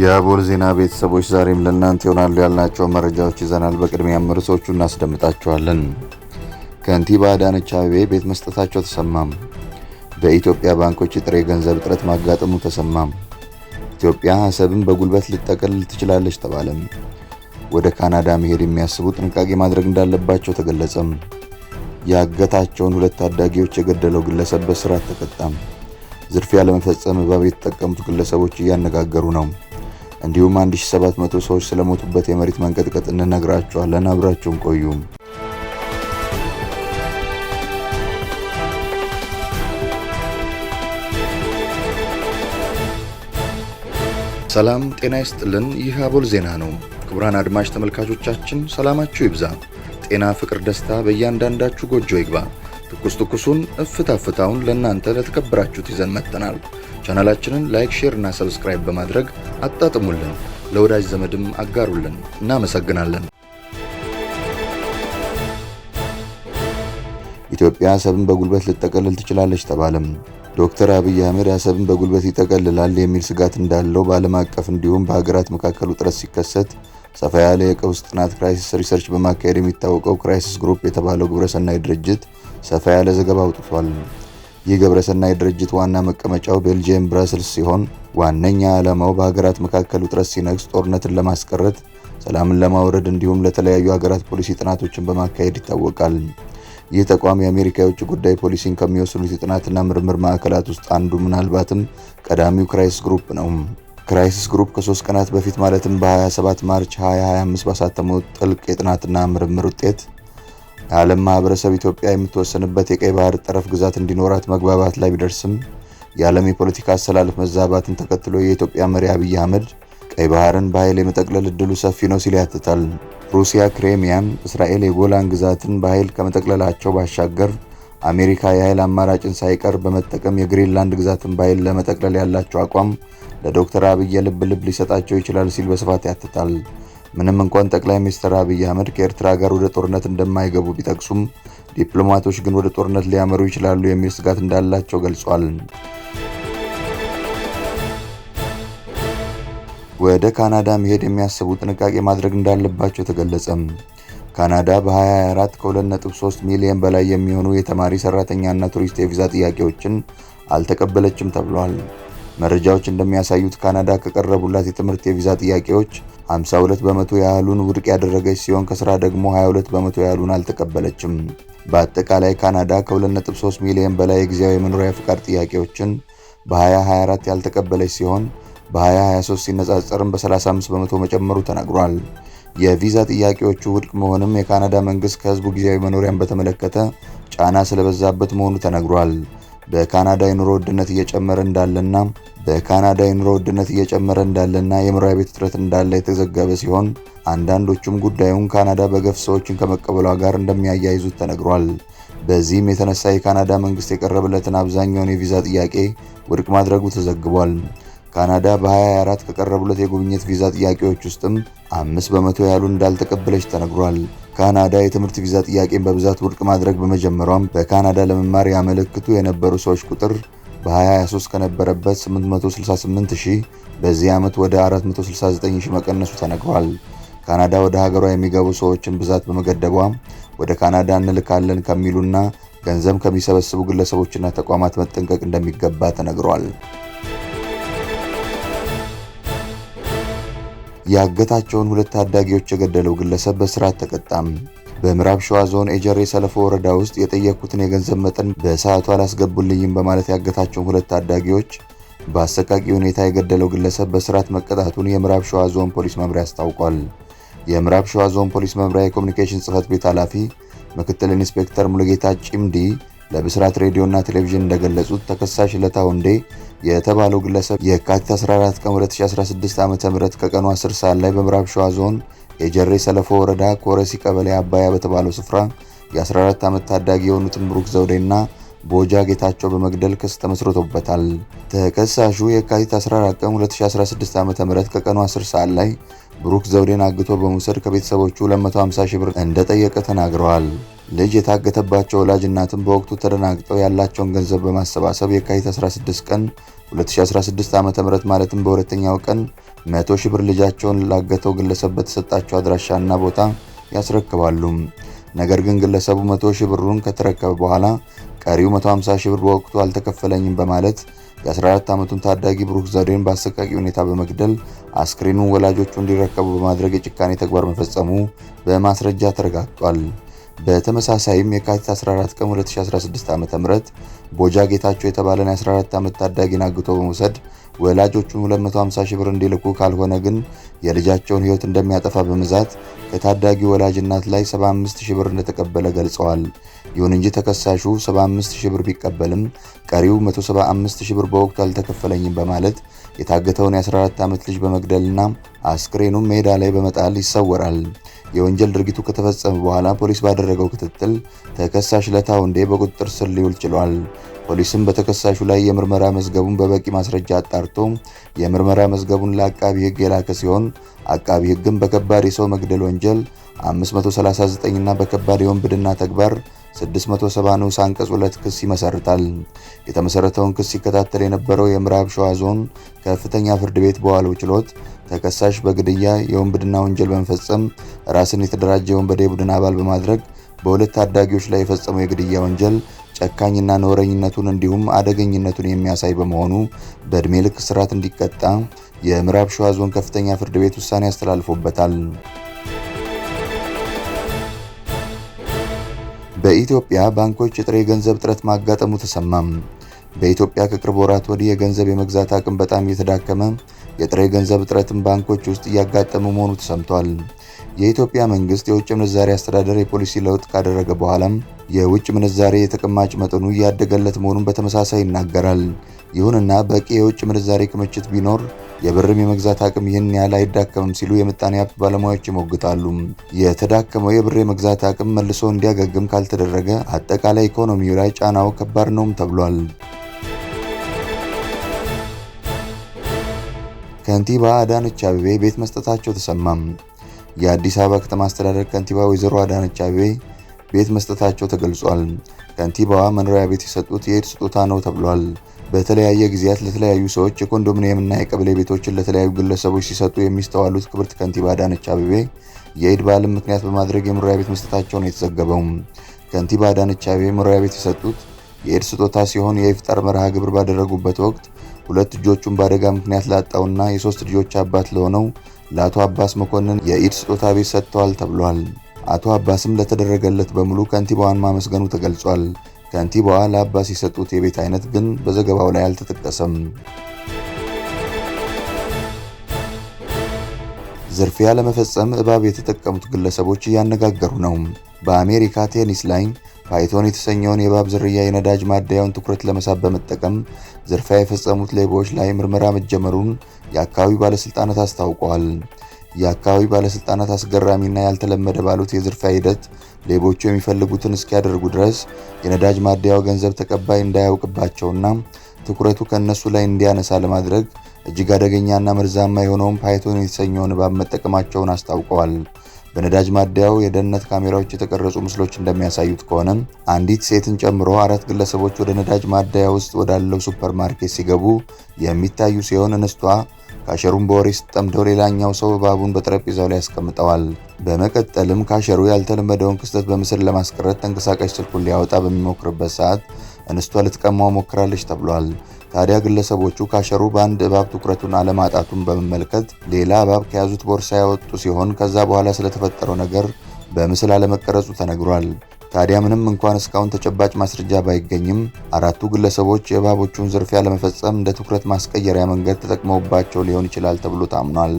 የአቦል ዜና ቤተሰቦች ዛሬም ለእናንተ ይሆናሉ ያልናቸው መረጃዎች ይዘናል። በቅድሚያ ርዕሶቹ እናስደምጣቸዋለን። ከንቲባ አዳነች አቤቤ ቤት መስጠታቸው ተሰማም። በኢትዮጵያ ባንኮች የጥሬ ገንዘብ እጥረት ማጋጠሙ ተሰማም። ኢትዮጵያ አሰብን በጉልበት ልጠቀል ትችላለች ተባለም። ወደ ካናዳ መሄድ የሚያስቡ ጥንቃቄ ማድረግ እንዳለባቸው ተገለጸም። ያገታቸውን ሁለት ታዳጊዎች የገደለው ግለሰብ በስራት ተቀጣም። ዝርፊያ ለመፈጸም እባብ የተጠቀሙት ግለሰቦች እያነጋገሩ ነው። እንዲሁም 1700 ሰዎች ስለሞቱበት የመሬት መንቀጥቀጥ እንነግራችኋለን። አብራችሁን ቆዩም። ሰላም ጤና ይስጥልን። ይህ አቦል ዜና ነው። ክቡራን አድማጭ ተመልካቾቻችን ሰላማችሁ ይብዛ፣ ጤና፣ ፍቅር፣ ደስታ በእያንዳንዳችሁ ጎጆ ይግባ። ትኩስ ትኩሱን እፍታ ፍታውን ለእናንተ ለተከበራችሁት ይዘን መጥተናል። ቻናላችንን ላይክ፣ ሼር እና ሰብስክራይብ በማድረግ አጣጥሙልን፣ ለወዳጅ ዘመድም አጋሩልን። እናመሰግናለን። ኢትዮጵያ አሰብን በጉልበት ልጠቀልል ትችላለች ተባለም። ዶክተር አብይ አህመድ አሰብን በጉልበት ይጠቀልላል የሚል ስጋት እንዳለው በዓለም አቀፍ እንዲሁም በሀገራት መካከል ውጥረት ሲከሰት ሰፋ ያለ የቀውስ ጥናት ክራይሲስ ሪሰርች በማካሄድ የሚታወቀው ክራይሲስ ግሩፕ የተባለው ግብረሰናይ ድርጅት ሰፋ ያለ ዘገባ አውጥቷል። ይህ ግብረሰናይ ድርጅት ዋና መቀመጫው ቤልጅየም ብራስልስ ሲሆን ዋነኛ ዓላማው በሀገራት መካከል ውጥረት ሲነግስ ጦርነትን ለማስቀረት፣ ሰላምን ለማውረድ እንዲሁም ለተለያዩ ሀገራት ፖሊሲ ጥናቶችን በማካሄድ ይታወቃል። ይህ ተቋም የአሜሪካ የውጭ ጉዳይ ፖሊሲን ከሚወስኑት የጥናትና ምርምር ማዕከላት ውስጥ አንዱ ምናልባትም ቀዳሚው ክራይስ ግሩፕ ነው። ክራይሲስ ግሩፕ ከሶስት ቀናት በፊት ማለትም በ27 ማርች 2025 ባሳተመው ጥልቅ የጥናትና ምርምር ውጤት የዓለም ማህበረሰብ ኢትዮጵያ የምትወሰንበት የቀይ ባህር ጠረፍ ግዛት እንዲኖራት መግባባት ላይ ቢደርስም የዓለም የፖለቲካ አሰላለፍ መዛባትን ተከትሎ የኢትዮጵያ መሪ አብይ አህመድ ቀይ ባህርን በኃይል የመጠቅለል እድሉ ሰፊ ነው ሲል ያትታል። ሩሲያ ክሬሚያም፣ እስራኤል የጎላን ግዛትን በኃይል ከመጠቅለላቸው ባሻገር አሜሪካ የኃይል አማራጭን ሳይቀር በመጠቀም የግሪንላንድ ግዛትን በኃይል ለመጠቅለል ያላቸው አቋም ለዶክተር አብይ ልብ ልብ ሊሰጣቸው ይችላል ሲል በስፋት ያትታል። ምንም እንኳን ጠቅላይ ሚኒስትር አብይ አህመድ ከኤርትራ ጋር ወደ ጦርነት እንደማይገቡ ቢጠቅሱም ዲፕሎማቶች ግን ወደ ጦርነት ሊያመሩ ይችላሉ የሚል ስጋት እንዳላቸው ገልጿል። ወደ ካናዳ መሄድ የሚያስቡ ጥንቃቄ ማድረግ እንዳለባቸው ተገለጸም። ካናዳ በ 24 ከ2.3 ሚሊዮን በላይ የሚሆኑ የተማሪ ሰራተኛና ቱሪስት የቪዛ ጥያቄዎችን አልተቀበለችም ተብሏል። መረጃዎች እንደሚያሳዩት ካናዳ ከቀረቡላት የትምህርት የቪዛ ጥያቄዎች 52 በመቶ ያህሉን ውድቅ ያደረገች ሲሆን ከስራ ደግሞ 22 በመቶ ያህሉን አልተቀበለችም። በአጠቃላይ ካናዳ ከ2.3 ሚሊዮን በላይ የጊዜያዊ መኖሪያ ፍቃድ ጥያቄዎችን በ2024 ያልተቀበለች ሲሆን በ2023 ሲነጻጸርም በ35 በመቶ መጨመሩ ተነግሯል። የቪዛ ጥያቄዎቹ ውድቅ መሆንም የካናዳ መንግስት ከህዝቡ ጊዜያዊ መኖሪያን በተመለከተ ጫና ስለበዛበት መሆኑ ተነግሯል። በካናዳ የኑሮ ውድነት እየጨመረ እንዳለና በካናዳ የኑሮ ውድነት እየጨመረ እንዳለና የመኖሪያ ቤት እጥረት እንዳለ የተዘገበ ሲሆን አንዳንዶቹም ጉዳዩን ካናዳ በገፍ ሰዎችን ከመቀበሏ ጋር እንደሚያያይዙት ተነግሯል። በዚህም የተነሳ የካናዳ መንግስት የቀረበለትን አብዛኛውን የቪዛ ጥያቄ ውድቅ ማድረጉ ተዘግቧል። ካናዳ በ 24 ከቀረቡለት የጉብኝት ቪዛ ጥያቄዎች ውስጥም አምስት በመቶ ያሉ እንዳልተቀበለች ተነግሯል። ካናዳ የትምህርት ቪዛ ጥያቄን በብዛት ውድቅ ማድረግ በመጀመሯም በካናዳ ለመማር ያመለክቱ የነበሩ ሰዎች ቁጥር በ2023 ከነበረበት 868 ሺህ በዚህ ዓመት ወደ 469 ሺህ መቀነሱ ተነግሯል። ካናዳ ወደ ሀገሯ የሚገቡ ሰዎችን ብዛት በመገደቧ ወደ ካናዳ እንልካለን ከሚሉና ገንዘብ ከሚሰበስቡ ግለሰቦችና ተቋማት መጠንቀቅ እንደሚገባ ተነግሯል። ያገታቸውን ሁለት ታዳጊዎች የገደለው ግለሰብ በስርዓት ተቀጣም። በምዕራብ ሸዋ ዞን ኤጀሬ ሰለፎ ወረዳ ውስጥ የጠየኩትን የገንዘብ መጠን በሰዓቱ አላስገቡልኝም በማለት ያገታቸውን ሁለት ታዳጊዎች በአሰቃቂ ሁኔታ የገደለው ግለሰብ በስርዓት መቀጣቱን የምዕራብ ሸዋ ዞን ፖሊስ መምሪያ አስታውቋል። የምዕራብ ሸዋ ዞን ፖሊስ መምሪያ የኮሚኒኬሽን ጽህፈት ቤት ኃላፊ ምክትል ኢንስፔክተር ሙሉጌታ ጭምዲ ለብስራት ሬዲዮና ቴሌቪዥን እንደገለጹት ተከሳሽ ለታ የተባለው ግለሰብ የካቲት 14 ቀን 2016 ዓ ም ከቀኑ 10 ሰዓት ላይ በምዕራብ ሸዋ ዞን የጀሬ ሰለፎ ወረዳ ኮረሲ ቀበሌ አባያ በተባለው ስፍራ የ14 ዓመት ታዳጊ የሆኑትን ብሩክ ዘውዴና ቦጃ ጌታቸው በመግደል ክስ ተመስርቶበታል። ተከሳሹ የካቲት 14 ቀን 2016 ዓ ም ከቀኑ 10 ሰዓት ላይ ብሩክ ዘውዴን አግቶ በመውሰድ ከቤተሰቦቹ 250 ሺህ ብር እንደጠየቀ ተናግረዋል። ልጅ የታገተባቸው ወላጅ እናትም በወቅቱ ተደናግጠው ያላቸውን ገንዘብ በማሰባሰብ የካቲት 16 ቀን 2016 ዓ ም ማለትም በሁለተኛው ቀን 100 ሺህ ብር ልጃቸውን ላገተው ግለሰብ በተሰጣቸው አድራሻና ቦታ ያስረክባሉ። ነገር ግን ግለሰቡ 100 ሺህ ብሩን ከተረከበ በኋላ ቀሪው 150 ሺህ ብር በወቅቱ አልተከፈለኝም በማለት የ14 ዓመቱን ታዳጊ ብሩክ ዘዴን በአሰቃቂ ሁኔታ በመግደል አስክሬኑን ወላጆቹ እንዲረከቡ በማድረግ የጭካኔ ተግባር መፈጸሙ በማስረጃ ተረጋግጧል። በተመሳሳይም የካቲት 14 ቀን 2016 ም ቦጃ ጌታቸው የተባለን የ14 ዓመት ታዳጊን አግቶ በመውሰድ ወላጆቹን 250 ሺህ ብር እንዲልኩ ካልሆነ ግን የልጃቸውን ሕይወት እንደሚያጠፋ በመዛት ከታዳጊ ወላጅ እናት ላይ 75 ሺህ ብር እንደተቀበለ ገልጸዋል። ይሁን እንጂ ተከሳሹ 75 ሺህ ብር ቢቀበልም ቀሪው 175 ሺህ ብር በወቅቱ አልተከፈለኝም በማለት የታገተውን የ14 ዓመት ልጅ በመግደልና አስክሬኑም ሜዳ ላይ በመጣል ይሰወራል። የወንጀል ድርጊቱ ከተፈጸመ በኋላ ፖሊስ ባደረገው ክትትል ተከሳሽ ለታውንዴ በቁጥጥር ስር ሊውል ችሏል። ፖሊስም በተከሳሹ ላይ የምርመራ መዝገቡን በበቂ ማስረጃ አጣርቶ የምርመራ መዝገቡን ለአቃቢ ሕግ የላከ ሲሆን አቃቢ ሕግም በከባድ የሰው መግደል ወንጀል 539 እና በከባድ የወንብድና ተግባር 670 ንዑስ አንቀጽ ሁለት ክስ ይመሰርታል። የተመሰረተውን ክስ ሲከታተል የነበረው የምዕራብ ሸዋ ዞን ከፍተኛ ፍርድ ቤት በዋለው ችሎት ተከሳሽ በግድያ የወንብድና ወንጀል በመፈጸም ራስን የተደራጀ የወንበዴ ቡድን አባል በማድረግ በሁለት ታዳጊዎች ላይ የፈጸመው የግድያ ወንጀል ጨካኝና ኖረኝነቱን እንዲሁም አደገኝነቱን የሚያሳይ በመሆኑ በእድሜ ልክ እስራት እንዲቀጣ የምዕራብ ሸዋ ዞን ከፍተኛ ፍርድ ቤት ውሳኔ አስተላልፎበታል። በኢትዮጵያ ባንኮች የጥሬ ገንዘብ እጥረት ማጋጠሙ ተሰማም። በኢትዮጵያ ከቅርብ ወራት ወዲህ የገንዘብ የመግዛት አቅም በጣም እየተዳከመ የጥሬ ገንዘብ እጥረትን ባንኮች ውስጥ እያጋጠመ መሆኑ ተሰምቷል። የኢትዮጵያ መንግስት የውጭ ምንዛሬ አስተዳደር የፖሊሲ ለውጥ ካደረገ በኋላም የውጭ ምንዛሬ የተቀማጭ መጠኑ እያደገለት መሆኑን በተመሳሳይ ይናገራል። ይሁንና በቂ የውጭ ምንዛሬ ክምችት ቢኖር የብርም የመግዛት አቅም ይህን ያህል አይዳከምም ሲሉ የምጣኔ ሀብት ባለሙያዎች ይሞግታሉ። የተዳከመው የብር የመግዛት አቅም መልሶ እንዲያገግም ካልተደረገ አጠቃላይ ኢኮኖሚው ላይ ጫናው ከባድ ነውም ተብሏል። ከንቲባ አዳነች አቤቤ ቤት መስጠታቸው ተሰማም። የአዲስ አበባ ከተማ አስተዳደር ከንቲባ ወይዘሮ አዳነች አቤቤ ቤት መስጠታቸው ተገልጿል። ከንቲባዋ መኖሪያ ቤት የሰጡት የኤድ ስጦታ ነው ተብሏል። በተለያየ ጊዜያት ለተለያዩ ሰዎች የኮንዶሚኒየምና የቀበሌ ቤቶችን ለተለያዩ ግለሰቦች ሲሰጡ የሚስተዋሉት ክብርት ከንቲባ አዳነች አቤቤ የኢድ በዓልን ምክንያት በማድረግ የመኖሪያ ቤት መስጠታቸው ነው የተዘገበው። ከንቲባ አዳነች አቤቤ መኖሪያ ቤት የሰጡት የኤድ ስጦታ ሲሆን የኢፍጣር መርሃ ግብር ባደረጉበት ወቅት ሁለት እጆቹን በአደጋ ምክንያት ላጣውና የሶስት ልጆች አባት ለሆነው ለአቶ አባስ መኮንን የኢድ ስጦታ ቤት ሰጥተዋል ተብሏል። አቶ አባስም ለተደረገለት በሙሉ ከንቲባዋን ማመስገኑ ተገልጿል። ከንቲባዋ ለአባስ የሰጡት የቤት አይነት ግን በዘገባው ላይ አልተጠቀሰም። ዝርፊያ ለመፈጸም እባብ የተጠቀሙት ግለሰቦች እያነጋገሩ ነው። በአሜሪካ ቴኒስ ላይ ፋይቶን የተሰኘውን የእባብ ዝርያ የነዳጅ ማደያውን ትኩረት ለመሳብ በመጠቀም ዝርፊያ የፈጸሙት ሌቦች ላይ ምርመራ መጀመሩን የአካባቢው ባለስልጣናት አስታውቀዋል። የአካባቢው ባለስልጣናት አስገራሚና ያልተለመደ ባሉት የዝርፊያ ሂደት ሌቦቹ የሚፈልጉትን እስኪያደርጉ ድረስ የነዳጅ ማደያው ገንዘብ ተቀባይ እንዳያውቅባቸውና ትኩረቱ ከእነሱ ላይ እንዲያነሳ ለማድረግ እጅግ አደገኛና መርዛማ የሆነውን ፓይቶን የተሰኘውን እባብ መጠቀማቸውን አስታውቀዋል። በነዳጅ ማደያው የደህንነት ካሜራዎች የተቀረጹ ምስሎች እንደሚያሳዩት ከሆነ አንዲት ሴትን ጨምሮ አራት ግለሰቦች ወደ ነዳጅ ማደያ ውስጥ ወዳለው ሱፐርማርኬት ሲገቡ የሚታዩ ሲሆን እንስቷ ካሸሩን በወሬ ስትጠምደው ሌላኛው ሰው እባቡን በጠረጴዛው ላይ ያስቀምጠዋል። በመቀጠልም ካሸሩ ያልተለመደውን ክስተት በምስል ለማስቀረት ተንቀሳቃሽ ስልኩን ሊያወጣ በሚሞክርበት ሰዓት እንስቷ ልትቀማው ሞክራለች ተብሏል። ታዲያ ግለሰቦቹ ካሸሩ በአንድ እባብ ትኩረቱን አለማጣቱን በመመልከት ሌላ እባብ ከያዙት ቦርሳ ያወጡ ሲሆን ከዛ በኋላ ስለተፈጠረው ነገር በምስል አለመቀረጹ ተነግሯል። ታዲያ ምንም እንኳን እስካሁን ተጨባጭ ማስረጃ ባይገኝም አራቱ ግለሰቦች የእባቦቹን ዝርፊያ ለመፈጸም እንደ ትኩረት ማስቀየሪያ መንገድ ተጠቅመውባቸው ሊሆን ይችላል ተብሎ ታምኗል።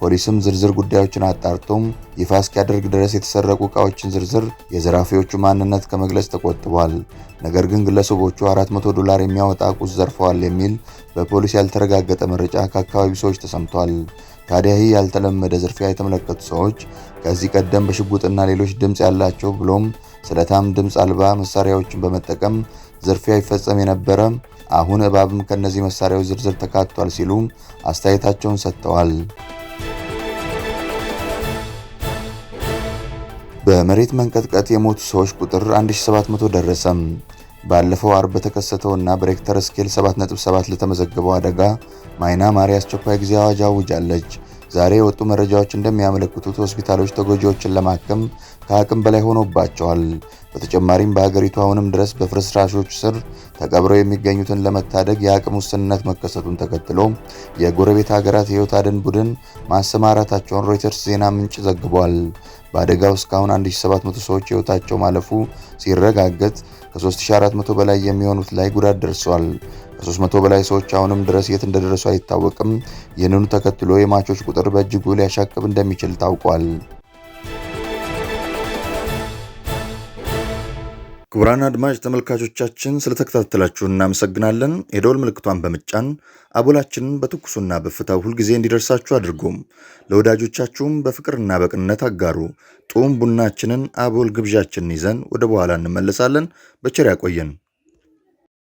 ፖሊስም ዝርዝር ጉዳዮችን አጣርቶም ይፋ እስኪያደርግ ድረስ የተሰረቁ እቃዎችን ዝርዝር የዘራፊዎቹ ማንነት ከመግለጽ ተቆጥቧል። ነገር ግን ግለሰቦቹ 400 ዶላር የሚያወጣ ቁስ ዘርፈዋል የሚል በፖሊስ ያልተረጋገጠ መረጃ ከአካባቢው ሰዎች ተሰምቷል። ታዲያ ይህ ያልተለመደ ዝርፊያ የተመለከቱ ሰዎች ከዚህ ቀደም በሽጉጥና ሌሎች ድምፅ ያላቸው ብሎም ስለታም ድምፅ አልባ መሳሪያዎችን በመጠቀም ዝርፊያ ይፈጸም የነበረ አሁን እባብም ከእነዚህ መሳሪያዎች ዝርዝር ተካቷል ሲሉ አስተያየታቸውን ሰጥተዋል። በመሬት መንቀጥቀጥ የሞቱ ሰዎች ቁጥር 1700 ደረሰ ባለፈው አርብ እና በሬክተር ስኬል 7.7 ለተመዘገበው አደጋ ማይናማር አስቸኳይ ጊዜ አዋጅ አውጃለች። ዛሬ የወጡ መረጃዎች እንደሚያመለክቱት ሆስፒታሎች ተጎጂዎችን ለማከም ከአቅም በላይ ሆኖባቸዋል። በተጨማሪም በሀገሪቱ አሁንም ድረስ በፍርስራሾች ስር ተቀብረው የሚገኙትን ለመታደግ የአቅም ውስንነት መከሰቱን ተከትሎ የጎረቤት ሀገራት የህይወት አድን ቡድን ማሰማራታቸውን ሮይተርስ ዜና ምንጭ ዘግቧል። በአደጋው እስካሁን 1700 ሰዎች ሕይወታቸው ማለፉ ሲረጋገጥ ከ3400 በላይ የሚሆኑት ላይ ጉዳት ደርሷል። ከ300 በላይ ሰዎች አሁንም ድረስ የት እንደደረሱ አይታወቅም። ይህንኑ ተከትሎ የሟቾች ቁጥር በእጅጉ ሊያሻቅብ እንደሚችል ታውቋል። ክቡራን አድማጭ ተመልካቾቻችን ስለተከታተላችሁ እናመሰግናለን። የደወል ምልክቷን በመጫን አቦላችንን በትኩሱና በእፍታው ሁልጊዜ እንዲደርሳችሁ አድርጎም ለወዳጆቻችሁም በፍቅርና በቅንነት አጋሩ። ጡም ቡናችንን አቦል ግብዣችንን ይዘን ወደ በኋላ እንመለሳለን። በቸር ያቆየን።